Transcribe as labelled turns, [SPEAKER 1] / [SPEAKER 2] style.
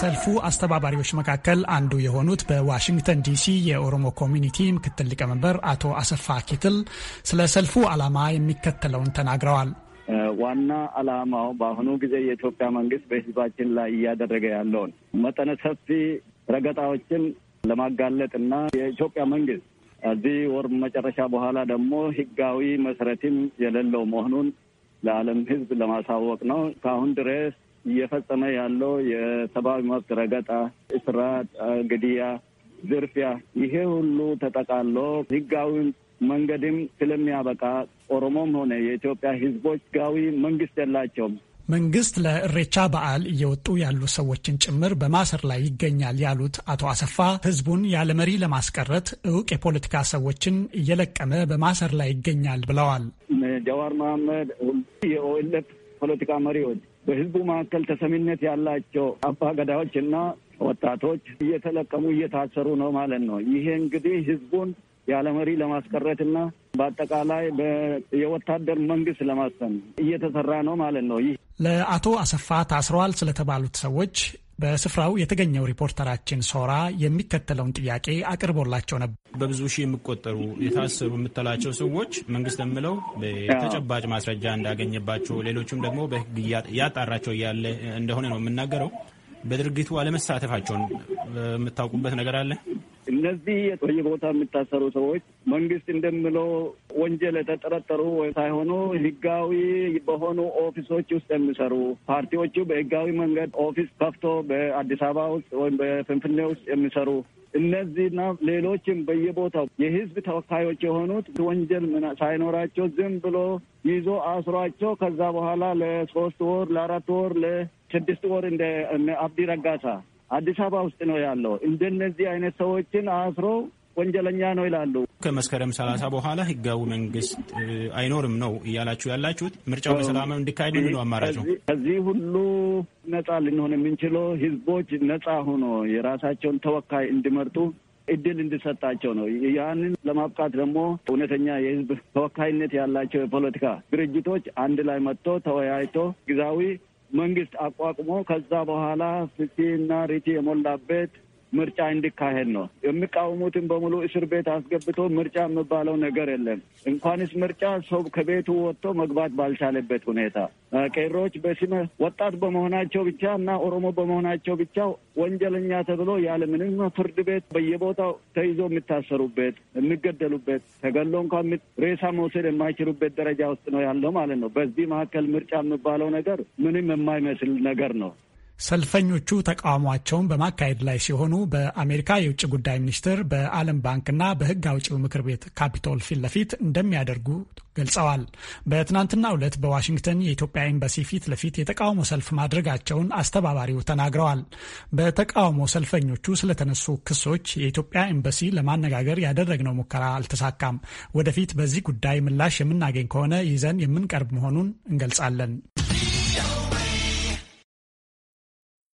[SPEAKER 1] ሰልፉ አስተባባሪዎች መካከል አንዱ የሆኑት በዋሽንግተን ዲሲ የኦሮሞ ኮሚኒቲ ምክትል ሊቀመንበር አቶ አሰፋ ኪትል ስለ ሰልፉ ዓላማ የሚከተለውን ተናግረዋል።
[SPEAKER 2] ዋና አላማው በአሁኑ ጊዜ የኢትዮጵያ መንግስት በህዝባችን ላይ እያደረገ ያለውን መጠነ ሰፊ ረገጣዎችን ለማጋለጥ እና የኢትዮጵያ መንግስት እዚህ ወር መጨረሻ በኋላ ደግሞ ህጋዊ መሰረትም የሌለው መሆኑን ለዓለም ህዝብ ለማሳወቅ ነው። ከአሁን ድረስ እየፈጸመ ያለው የሰብአዊ መብት ረገጣ፣ እስራት፣ ግድያ፣ ዝርፊያ ይሄ ሁሉ ተጠቃሎ ህጋዊም መንገድም ስለሚያበቃ ኦሮሞም ሆነ የኢትዮጵያ ህዝቦች ጋዊ መንግስት የላቸውም።
[SPEAKER 1] መንግስት ለእሬቻ በዓል እየወጡ ያሉ ሰዎችን ጭምር በማሰር ላይ ይገኛል ያሉት አቶ አሰፋ ህዝቡን ያለመሪ ለማስቀረት እውቅ የፖለቲካ ሰዎችን እየለቀመ በማሰር ላይ ይገኛል ብለዋል።
[SPEAKER 2] ጀዋር መሐመድ፣ የኦኤልኤፍ ፖለቲካ መሪዎች፣ በህዝቡ መካከል ተሰሚነት ያላቸው አባ ገዳዎች እና ወጣቶች እየተለቀሙ እየታሰሩ ነው ማለት ነው። ይሄ እንግዲህ ህዝቡን ያለ መሪ ለማስቀረትና በአጠቃላይ የወታደር መንግስት ለማሰን እየተሰራ ነው ማለት ነው። ይህ
[SPEAKER 1] ለአቶ አሰፋ ታስረዋል ስለተባሉት ሰዎች በስፍራው የተገኘው ሪፖርተራችን ሶራ የሚከተለውን ጥያቄ አቅርቦላቸው ነበር። በብዙ ሺህ የሚቆጠሩ የታሰሩ የምትላቸው ሰዎች መንግስት የምለው ተጨባጭ ማስረጃ እንዳገኘባቸው፣ ሌሎችም ደግሞ በህግ እያጣራቸው እያለ እንደሆነ ነው የምናገረው። በድርጊቱ አለመሳተፋቸውን የምታውቁበት ነገር አለ?
[SPEAKER 2] እነዚህ በየቦታ የሚታሰሩ ሰዎች መንግስት እንደምለው ወንጀል የተጠረጠሩ ሳይሆኑ ህጋዊ በሆኑ ኦፊሶች ውስጥ የሚሰሩ ፓርቲዎቹ በህጋዊ መንገድ ኦፊስ ከፍቶ በአዲስ አበባ ውስጥ ወይም በፍንፍኔ ውስጥ የሚሰሩ እነዚህና ሌሎችም በየቦታው የህዝብ ተወካዮች የሆኑት ወንጀል ሳይኖራቸው ዝም ብሎ ይዞ አስሯቸው ከዛ በኋላ ለሶስት ወር ለአራት ወር ለስድስት ወር እንደ አብዲ ረጋሳ አዲስ አበባ ውስጥ ነው ያለው። እንደነዚህ አይነት ሰዎችን አስሮ ወንጀለኛ ነው ይላሉ።
[SPEAKER 1] ከመስከረም ሰላሳ በኋላ ህጋዊ መንግስት አይኖርም ነው እያላችሁ ያላችሁት። ምርጫው በሰላም እንዲካሄድ ነው አማራጭ ነው።
[SPEAKER 2] ከዚህ ሁሉ ነጻ ልንሆን የምንችለው ህዝቦች ነጻ ሆኖ የራሳቸውን ተወካይ እንዲመርጡ እድል እንዲሰጣቸው ነው። ያንን ለማብቃት ደግሞ እውነተኛ የህዝብ ተወካይነት ያላቸው የፖለቲካ ድርጅቶች አንድ ላይ መጥቶ ተወያይቶ ጊዜያዊ መንግስት አቋቁሞ ከዛ በኋላ ና ሪቴ የሞላበት ምርጫ እንዲካሄድ ነው። የሚቃወሙትን በሙሉ እስር ቤት አስገብቶ ምርጫ የሚባለው ነገር የለም። እንኳንስ ምርጫ ሰው ከቤቱ ወጥቶ መግባት ባልቻለበት ሁኔታ ቄሮች በስመ ወጣት በመሆናቸው ብቻ እና ኦሮሞ በመሆናቸው ብቻ ወንጀለኛ ተብሎ ያለ ምንም ፍርድ ቤት በየቦታው ተይዞ የሚታሰሩበት የሚገደሉበት፣ ተገሎ እንኳን ሬሳ መውሰድ የማይችሉበት ደረጃ ውስጥ ነው ያለው ማለት ነው። በዚህ መካከል ምርጫ የሚባለው ነገር ምንም የማይመስል ነገር ነው።
[SPEAKER 1] ሰልፈኞቹ ተቃውሟቸውን በማካሄድ ላይ ሲሆኑ በአሜሪካ የውጭ ጉዳይ ሚኒስቴር በዓለም ባንክና በሕግ አውጪው ምክር ቤት ካፒቶል ፊት ለፊት እንደሚያደርጉ ገልጸዋል። በትናንትናው ዕለት በዋሽንግተን የኢትዮጵያ ኤምባሲ ፊት ለፊት የተቃውሞ ሰልፍ ማድረጋቸውን አስተባባሪው ተናግረዋል። በተቃውሞ ሰልፈኞቹ ስለተነሱ ክሶች የኢትዮጵያ ኤምባሲ ለማነጋገር ያደረግነው ሙከራ አልተሳካም። ወደፊት በዚህ ጉዳይ ምላሽ የምናገኝ ከሆነ ይዘን የምንቀርብ መሆኑን እንገልጻለን።